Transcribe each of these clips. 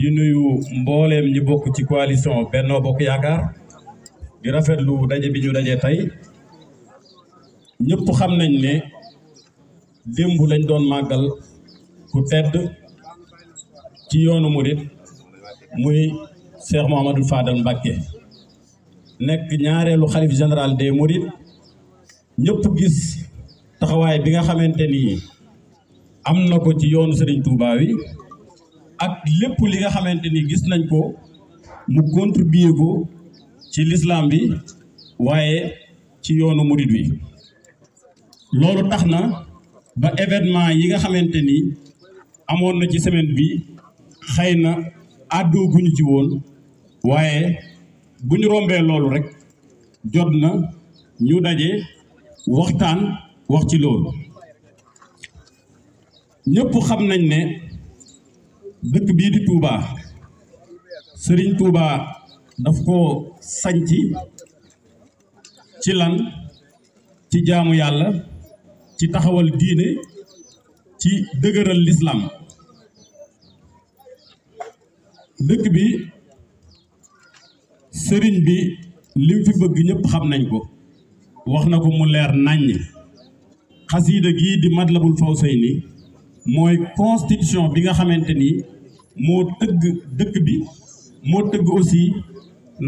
di nuyu mbooleem ñi bokk ci coalition Benno Bokk Yaakaar di rafetlu daje bi ñu daje tey ñëpp xam nañ ne démb lañ doon màggal ku tedd ci yoonu murit muy Cheikh Mouhamadou Fadal Mbacké nekk ñaareelu xalif général des mourides ñëpp gis taxawaay bi nga xamante ni am na ko ci yoonu sëriñ Touba ak lépp li nga xamante ni gis nañ ko mu contribuer ko ci lislaam bi waaye ci yoonu murid wi loolu tax na ba événement yi nga xamante ni amoon na ci semaine bi xëy na àddoo gu ñu ci woon waaye bu ñu rombee loolu rek jot na ñu daje waxtaan wax ci loolu ñëpp xam nañ ne dëkk bii di Touba sëriñ Touba daf ko sañci ci lan ci jaamu yàlla ci taxawal diine ci dëgëral lislaam dëkk bi sëriñ bi lim fi bëgg ñëpp xam nañ ko wax na ko mu leer naññ xasiida gii di Matlabul Fawzayni mooy constitution bi nga xamante ni moo tëgg dëkk bi moo tëgg aussi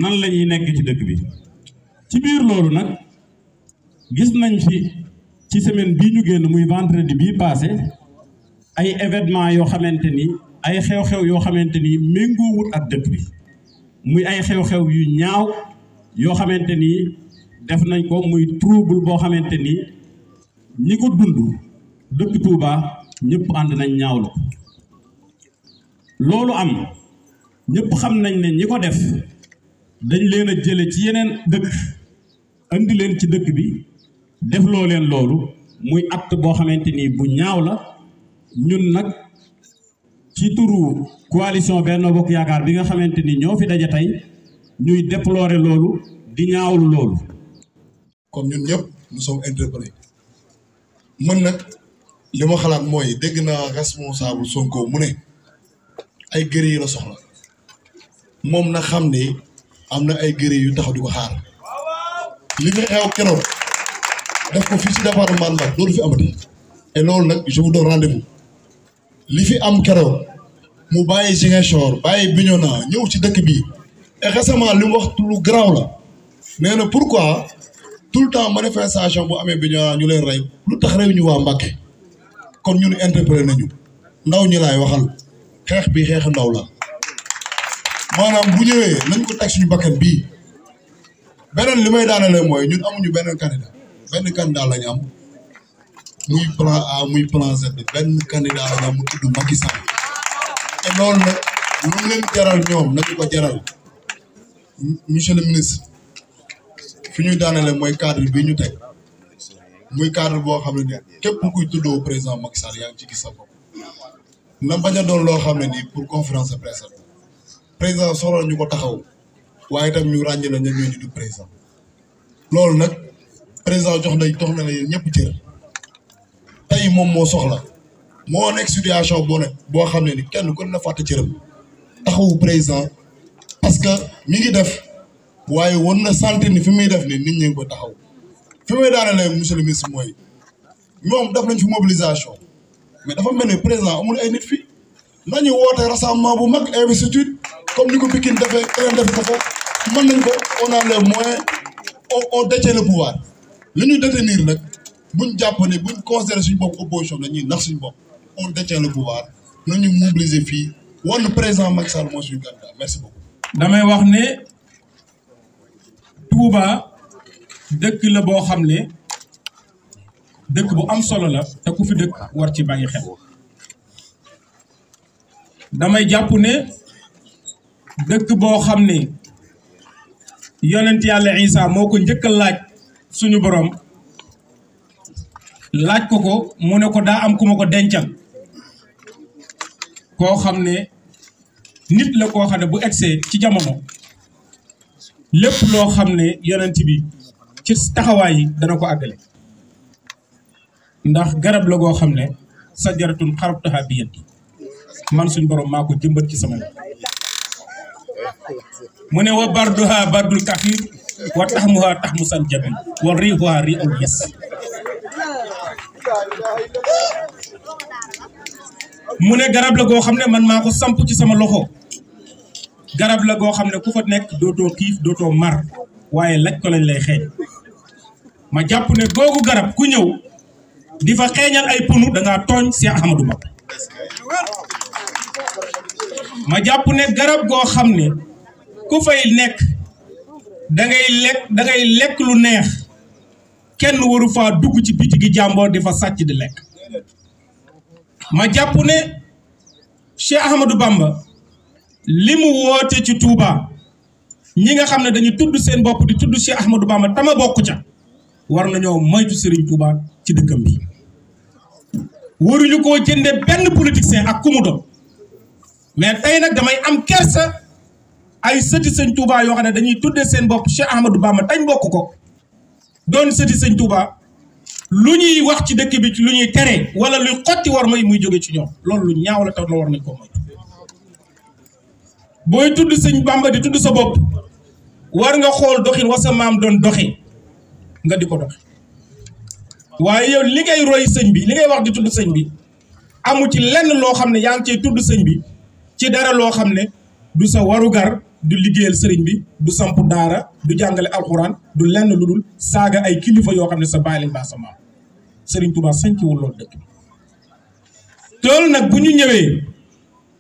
nan lañuy ñuy nekk ci dëkk bi ci biir loolu nag gis nañ fi ci semaine bi ñu génn muy bi bii passé ay événement yoo xamante ni ay xew-xew yoo xamante ni méngoowul ak dëkk bi muy ay xew-xew yu ñaaw yoo xamante ni def nañ ko muy trouble boo xamante ni ñi ko dund dëkk Touba ñëpp ànd nañ ñaawlu loolu am ñëpp xam nañ ne ñi ko def dañ leen a jële ci yeneen dëkk andi leen ci dëkk bi defloo leen loolu muy acte boo xamante ni bu ñaaw la ñun nag ci turu coalition Benno Bokk Yaakaar bi nga xamante ni ñoo fi daje tey ñuy déplorer loolu di ñaawlu loolu. comme ñun ñëpp nous sommes interpellés mën nag. li ma xalaat mooy dégg naa responsable Sonko mu ne ay gëri yu la soxla moom na xam ni am na ay gëri yu taxaw di ko xaar li fi xew keroog def ko fii ci département Mbacké loolu fi amati et loolu nag je vous donne rendez li fi am keroog mu bàyyi Ziguinchor bàyyi Bignona ñëw ci dëkk bi et récemment li mu wax lu garaaw la nee na pourquoi tout le temps manifestation bu amee Bignona ñu leen rey lu tax réew ñu waa Mbacké kon ñun interpellé nañu ndaw ñi laay waxal xeex bi xeexu ndaw la maanaam bu ñëwee nañ ko teg suñu bakkan bi beneen li may daanalee mooy ñun amuñu benn candidat benn candidat lañu am muy plan A muy plan Z benn candidat lañu am mu tudd Macky Sall te loolu nag lu jaral ñoom nañu ko jaral monsieur le ministre fi ñuy daanalee mooy cadre bi ñu teg. muy cadre boo xam ne nii képp kuy tuddoo président Macky Sall yaa ngi ci gis sa bopp na bañ loo xam ne nii pour conférence de presse président soxla ñu ko taxaw waaye itam ñu ràññee la ñoom ñoo di président loolu nag président jox na jox na leen ñëpp cër tey moom moo soxla moo nekk situation boo ne boo xam ne ni kenn ku ne na fàtte cëram taxawu président parce que mi ngi def waaye war na sentir ni fi muy def ni nit ñi ko taxaw. fi may daanelee monsieur le ministre mooy ñoom def nañ fi mobilisation mais dafa mel ni président amul ay nit fii nañu woote rassemblement bu mag investiture comme ni ko Pikine defee keneen def ko fa mën nañ ko on a les moyens on détient le pouvoir li ñu détenir buñ jàpp ne buñ considéré suñu bopp opposition dañuy nax suñu bopp on détient le pouvoir nañu mobiliser fii wan président Macky Sall mooy suñu candidat merci beaucoup. damay wax ne Touba. dëkk la boo xam ne dëkk bu am solo la te ku fi dëkk war ci bàyyi xel damay jàpp ne dëkk boo xam ne yonent yàlla Isa moo ko njëkk laaj suñu boroom laaj ko ko mu ne ko daa am kuma ko dencal koo xam ne nit la koo xam ne bu egsee ci jamono lépp loo xam ne yonent bi ci taxawaay yi dana ko àggale ndax garab la goo xam ne sajaratun xarabtaha bi yadi man suñ borom maa ko jëmbat ci sama mu ne wa barduha bardul kafir wa taxmuha taxmu san jabil mu ne garab la goo xam ne man maa ko samp ci sama loxo garab la goo xam ne ku fa nekk dootoo xiif dootoo mar waaye laj ko lañ lay xeeñ ma jàpp ne googu garab ku ñëw di fa xeeñal ay punu danga ngaa tooñ Cheikh Ahmadou Bamba ma jàpp ne garab goo xam ne ku fay nekk dangay ngay lekk lu neex kenn waru fa dugg ci picc gi jàmboor di fa sàcc di lekk ma jàpp ne Cheikh Ahmadou Bamba li mu woote ci Touba ñi nga xam ne dañu tudd seen bopp di tudd Cheikh Ahmadou Bamba tama bokku ca war nañoo moytu Serigne Touba ci dëkkam bi waruñu koo jëndee benn politicien ak ku mu mais tey nag damay am kersa ay sëti sëñ Touba yoo xam ne dañuy tuddee seen bopp Cheikh Ahmadou Bamba tañ bokk ko doon sëti sëñ Touba lu ñuy wax ci dëkk bi ci lu ñuy tere wala luy xotti war may muy jóge ci ñoom loolu lu ñaaw la te la war nañ ko moytu booy tudd sëñ Bamba di tudd sa bopp war nga xool doxin wa sa maam doon doxi nga di ko dox waaye yow li ngay roy sëñ bi li ngay wax di tudd sëñ bi amu ci lenn loo xam ne yaa ngi cay tudd sëñ bi ci dara loo xam ne du sa warugar du liggéeyal sëriñ bi du samp daara du jàngale alxuraan du lenn lu dul saaga ay kilifa yoo xam ne sa baay lañ baa sa maam sëriñ Tuubaa sañciwul loolu dëkk bi tool nag bu ñu ñëwee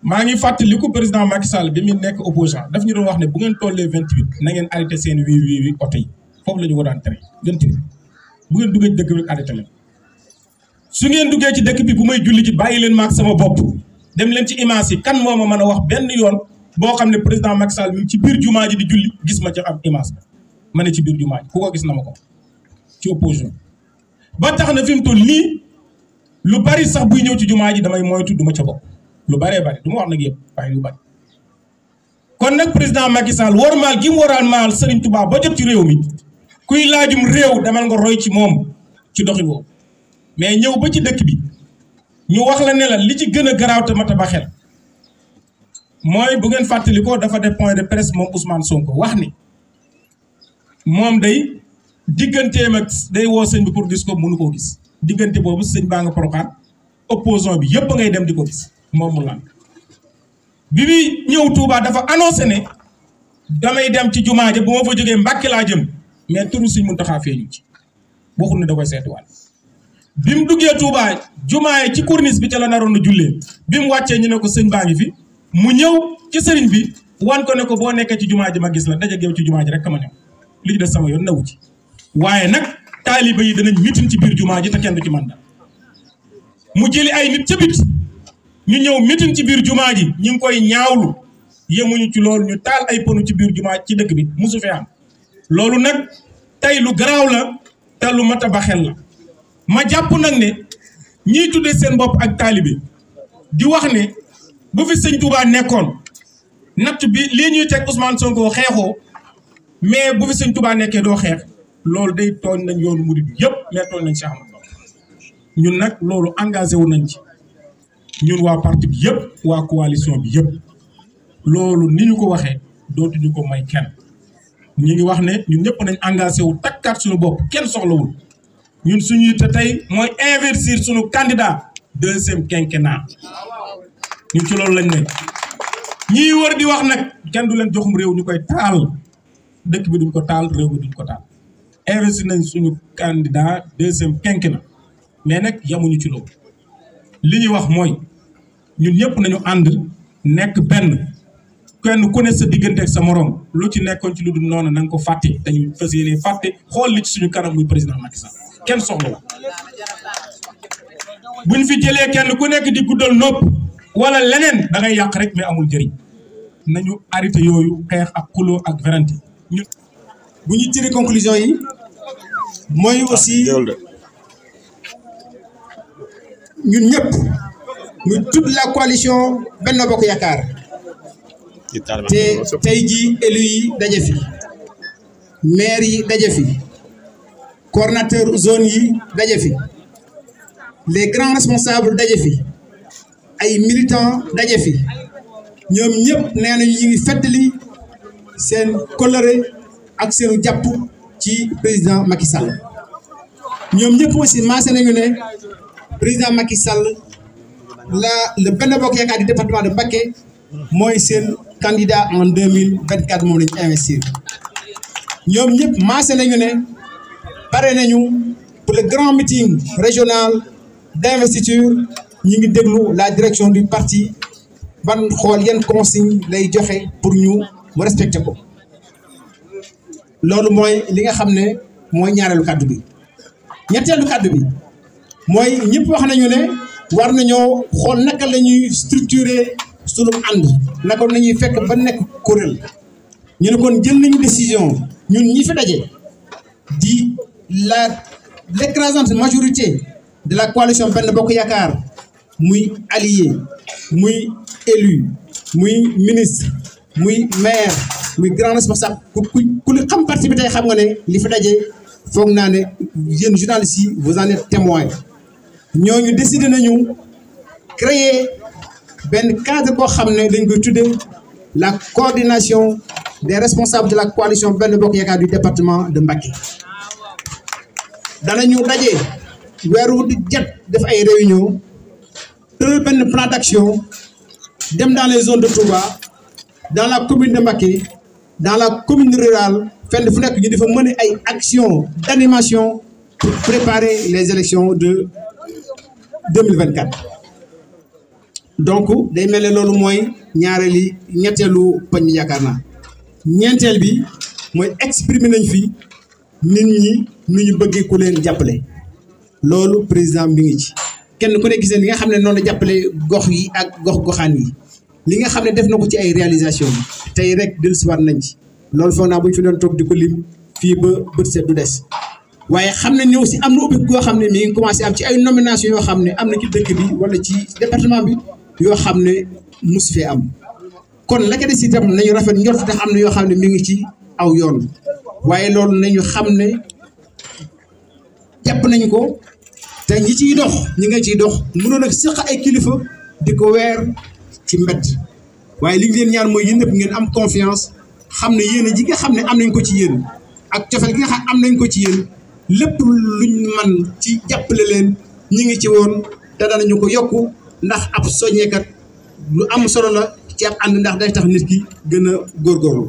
maa ngi fàttaliku président Macky Sall bi mu nekk opposant daf ñu doon wax ne bu ngeen tollee vingt-huit na ngeen seen wii wii wii oto foofu lañu ñu war a tere ngeen tere bu ngeen duggee ci dëkk bi rek arrêté su ngeen duggee ci dëkk bi bu may julli ci bàyyi leen maag sama bopp dem leen ci image yi kan moo ma mën a wax benn yoon boo xam ne président Macky Sall mi ci biir jumaa ji di julli gis ma ci ab image ma ne ci biir jumaa gis na ko ci ba tax na fi mu toll nii lu bari sax buy ñëw ci jumaa ji damay moytu du ca bopp lu baree bari du ma wax nag yëpp waaye lu bari nag président Macky Sall war maal gi mu waral maal Serigne Touba ba jot ci réew mi kuy laajum réew demal nga roy ci moom ci doxi boobu mais ñëw ba ci dëkk bi ñu wax la ne la li ci gën a garaaw te mat a ba xel mooy bu ngeen fàttalikoo dafa def point de presse moom Ousmane Sonko wax ni moom day digganteem ak day woo sëñ bi pour gis ko mënu koo gis diggante boobu sëñ baa nga Porokhane opposant bi yëpp ngay dem di ko gis moom mu lan bi muy ñëw tuubaa dafa annoncé ne damay dem ci jumaa ja bu ma fa jógee Mbàkke laa jëm. mais turu mun Muntaxa feeñu ci waxul ne da koy seetuwaat bi mu duggee Touba jumaay ci corniche bi ca la naroon a jullee bi mu wàccee ñu ne ko sëñ baa ngi fi mu ñëw ci sëriñ bi wan ko ne ko boo nekkee ci jumaa ji ma gis la daje yow ci jumaa ji rek kama ñëw li sama yoon nawu ci waaye nag taaliba yi danañ mitin ci jumaa ji te kenn du ci man dara mu jëli ay nit ca ñu ñëw mitin ci biir jumaa ji ñu ngi koy ñaawlu yemuñu ci loolu ñu taal ay ponu ci biir jumaa ci dëkk bi musu fee am loolu nag tey lu garaaw la te lu mat la ma jàpp nag ne ñiy tuddee seen bopp ak taalibe di wax ne bu fi sëñ tubaa nekkoon natt bi lee ñuy teg Ousmane Sonko xeexoo mais bu fi sëñ Touba nekkee doo xeex loolu day tooñ nañ yoonu murid bi yëpp mais tooñ nañ Cheikh ñun nag loolu engagé wu nañ ci ñun waa parti bi yëpp waa coalition bi yëpp loolu ni ñu ko waxee dootuñu ko may kenn. ñu ngi wax ne ñu ñëpp nañ engagé wu takkaat suñu bopp kenn soxlawul ñun suñuy te tey mooy inversir suñu candidat deuxième quinquennat ñu ci loolu lañ ne ñii wër di wax nag kenn du leen joxum réew ñu koy taal dëkk bi duñ ko taal réew bi duñ ko taal nañ suñu candidat deuxième quinquennat mais nag yamuñu ci loolu li ñuy wax mooy ñun ñëpp nañu ànd nekk benn kenn ku ne sa diggante ak sa morom lu ci nekkoon ci lu dul noonu na nga ko fàtte dañu fas yéene fàtte xool li ci suñu kanam muy président Macky Sall kenn soxla buñ fi jëlee kenn ku nekk di guddal nopp wala leneen dangay yàq rek mais amul jëriñ nañu arrêté yooyu xeex ak xuloo ak werante ñu bu ñu tiré conclusion yi mooy ah, aussi ñun ñëpp muy toute la coalition Benno Bokk Yaakaar te tey jii élus yi daje fi yi daje fi coordonnateur zone yi daje fi les grands responsables daje ay militants daje ñoom ñëpp nee nañu ñu ngi fàttali seen coloré ak seenu jàpp ci président Macky Sall ñoom ñëpp aussi maase nañu ne président Macky la le Benno Bokk département de Mbacké mooy seen candidat en deux mille vingt quatre moom la ñu investir ñoom ñëpp maase nañu ne pare nañu pour le grand meeting régional d' investiture ñu ngi déglu la direction du parti ban xool yan consigne lay joxe pour ñu mu respecté ko loolu mooy li nga xam ne mooy ñaareelu kàddu bi ñetteelu kàddu bi mooy ñëpp wax nañu ne war nañoo xool naka la structurer. sunu ànd naka nañuy fekk ba nekk kuréel ñu ne kon jël nañu décision ñu ñi fi daje di la l'écrasante majorité de la coalition Benno Bokk Yaakaar muy allié muy élu muy ministre muy maire muy grand responsable ku ku li xam parti bi tey xam nga ne li fi daje foog naa ne yéen journalistes yi vous en êtes témoin ñooñu décidé nañu créer benn cadre boo xam ne dañ koy tuddee la coordination des responsables de la coalition Benno Bokk Yaakaar du département de Mbacké danañu daje weeru di jet def ay réunion tëral benn plan d'action dem dans les zones de Touba dans la commune de Mbacké dans la commune rurale fenn fu nekk ñu dafa mener ay action d'animation pour préparer les élections de 2024 donc day mel ne loolu mooy ñaareeli ñetteelu pañ mi yaakaar bi mooy exprimer nañ fi nit ñi nu ñu bëggeeku leen jàppale loolu président bi ngi ci kenn ku ne gis li nga xam ne noonu jàppale gox yi ak gox goxaan yi li nga xam ne def na ko ci ay réalisation bi tey rek dellusiwaat nañ ci loolu foog naa bu ñu fi doon toog di ko lim fii ba bët set du des waaye xam ne ni aussi am na ubbi goo xam ne mi ngi commencé am ci ay nomination yoo xam ne am na ci dëkk bi walla ci département bi yoo xam ne mus fee am kon la ka si itam nañu rafet njort te am na yoo xam ne mi ngi ci aw yoon waaye loolu nañu xam ne jàpp nañ ko te ñi ciy dox ñi nga ciy dox mënoon ak sëq ay kilifa di ko weer ci mbedd waaye li leen ñaan mooy yéen ñëpp ngeen am confiance xam ne yéen ji nga am nañ ko ci yéen ak cofeel gi am nañ ko ci yéen lépp luñ man ci jàppale leen ñi ngi ci woon te danañu ko yokku ndax ab soñeekat lu am solo la ci ab ànd ndax day tax nit ki gën a góorgóorlu